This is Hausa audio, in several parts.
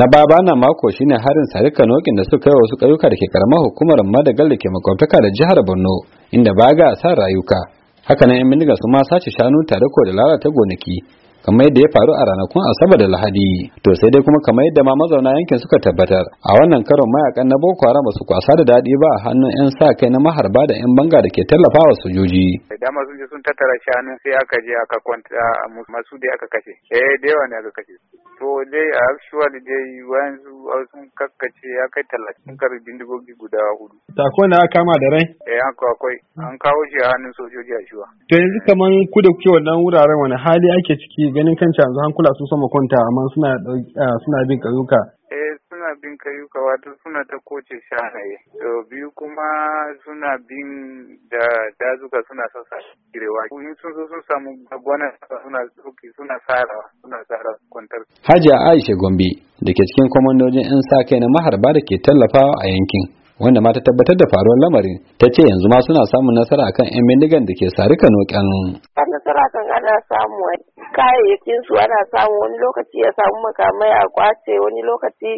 na baba na mako shine harin sarika nokin da suka yi wasu ƙauyuka da ke karamar hukumar madagal da ke makwabtaka da jihar borno inda baga a sa rayuka haka nan yan bindiga su ma sace shanu tare ko da lalata gonaki kamar yadda ya faru a ranakun asabar da lahadi to sai dai kuma kamar yadda ma mazauna yankin suka tabbatar a wannan karon mayakan na boko haram ba su kwasa da daɗi ba a hannun yan sa kai na maharba da yan banga da ke tallafa wa sojoji dama sun je sun tattara shanu sai aka je aka kwanta masu da aka kashe eh da yawa ne aka kashe to dai a actually dai wayansu sun kakkace ya kai talatin kar bindigogi guda hudu ta na kama da rai eh an akwai an kawo shi a hannun sojoji a shiwa to yanzu kaman ku da kuke wannan wuraren wani hali ake ciki ganin kanci yanzu hankula su sama kwanta amma suna suna bin kayuka eh suna bin kayuka wato suna ta koce shahaye to biyu kuma suna bin da dazuka suna son sa girewa in sun so sun samu gwana suna tsoki suna tsara suna tsara kwantar Hajiya Aisha Gombe da ke cikin kwamandojin 'yan sa kai na maharba da ke tallafawa a yankin wanda ma ta tabbatar da faruwar lamarin ta ce yanzu ma suna samun nasara akan yan bindigan da ke sarika nokan nasara kan ana samu kayayyakin su ana samu wani lokaci a samu makamai a kwace wani lokaci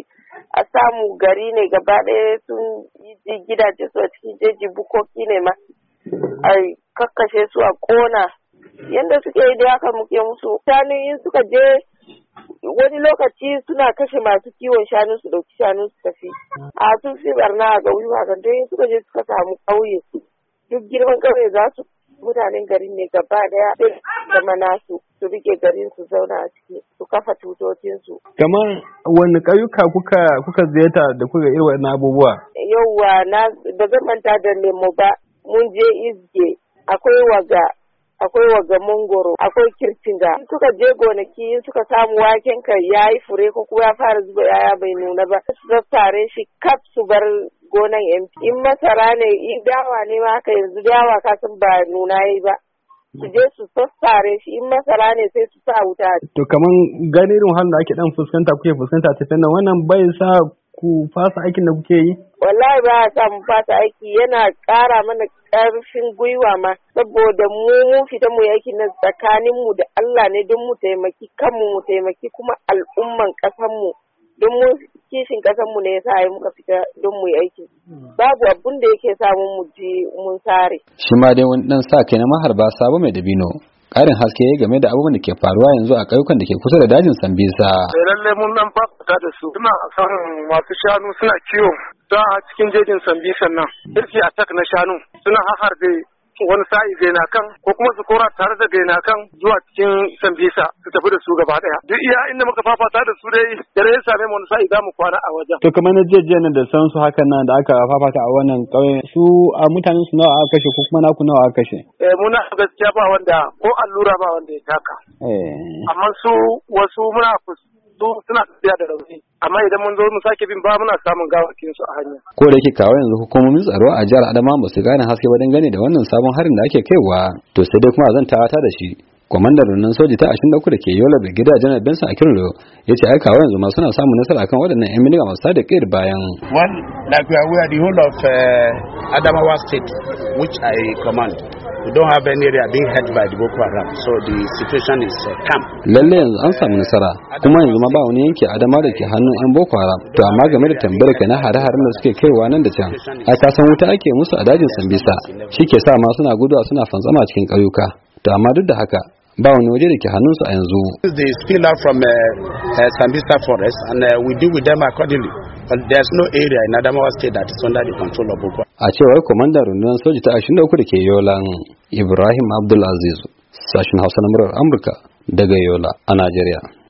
a samu gari ne gaba ɗaya sun yi gidaje su a cikin jeji bukoki ne ma a kakkashe su a kona yadda suke yi da haka muke musu mutane in suka je wani lokaci suna kashe masu kiwon shanu su dauki shanu su tafi a sun fi barna a gauri hakan dai suka je suka samu ƙauye duk girman ƙauye za su mutanen garin ne gaba daya zama nasu su rike garin su zauna a ciki su kafa su kamar wani ƙauyuka kuka kuka ziyarta da kuka irin abubuwa yauwa na ba zan manta da lemo ba mun je izge akwai waga akwai waga mangoro akwai kirtinga in suka je gonaki in suka samu waken ka yi fure ko kuma ya fara zuba yaya bai nuna ba su zartare shi kaf su bar gonan yan in masara ne in dawa ne ma haka yanzu dawa kasan ba nuna yayi ba su je su sassare shi in masara ne sai su sa wuta. To kaman ganin irin da ake dan fuskanta kuke fuskanta ta fannin wannan bai sa ku fasa aikin da kuke yi? Wallahi ba a samu fasa aiki yana ƙara mana ƙarfin gwiwa ma saboda mu mun fita mu yaki nan tsakanin mu da Allah ne don mu taimaki kanmu mu taimaki kuma al'umman ƙasar mu don mu kishin ƙasar mu ne yasa sa muka fita don mu aiki hmm. babu abun da yake samun mu ji mun sare shi ma dai wani dan sa kai na maharba sabo mai dabino ƙarin haske game da abubuwan da ke faruwa yanzu a ƙauyukan da ke kusa da dajin Sambisa. Eh, lalle mun nan ba su da su. Suna samun masu shanu suna kiwo. Da a cikin jejin Sambisan nan. Irki attack na shanu suna haharbe wani sa'i gaina kan ko kuma su kora tare da gaina kan zuwa cikin sambisa su tafi da su gaba daya duk iya inda muka fafata da su dai dare ya same mu wani sa'i za mu kwana a wajen to kamar na jejjena da san su hakan nan da aka fafata a wannan ƙauye su a mutanen su nawa aka kashe ko kuma naku nawa aka kashe eh muna gaskiya ba wanda ko allura ba wanda ya taka eh amma su wasu muna fuskanta zo suna tafiya da rauni amma idan mun zo mu sake bin ba muna samun gawakin su a hanya ko da yake kawo yanzu hukumomin tsaro a jihar Adamawa ba su gane haske ba dangane da wannan sabon harin da ake kaiwa to sai dai kuma zan tawata da shi kwamandan rundunar soji ta 23 da ke yola gida janar benson kirlo ya ce aikawa yanzu masu na samun nasara akan waɗannan 'yan miliga masu sada kayar bayan one like we are the whole of uh, adamawa state which i command we don't have any area being hurt by the Boko Haram so the situation is uh, calm lalle yanzu an samu nasara kuma yanzu ma ba wani yanki adama da ke hannun yan Boko Haram to amma game da tambayar ka na hare-haren da suke kaiwa nan da can a sasan wuta ake musu a dajin Sambisa shi ke sa ma suna guduwa suna fantsama cikin ƙauyuka to amma duk da haka ba wani waje da ke hannunsu a yanzu. They spill out from uh, uh, Sambisa Forest, and uh, we deal with them accordingly. But there's no area in Adamawa State that is under the control of Boko. A cewar kwamandan rundunar soji ta 23 da ke Yolan Ibrahim Abdulaziz, sashen Hausa na Amurka daga Yola a Najeriya.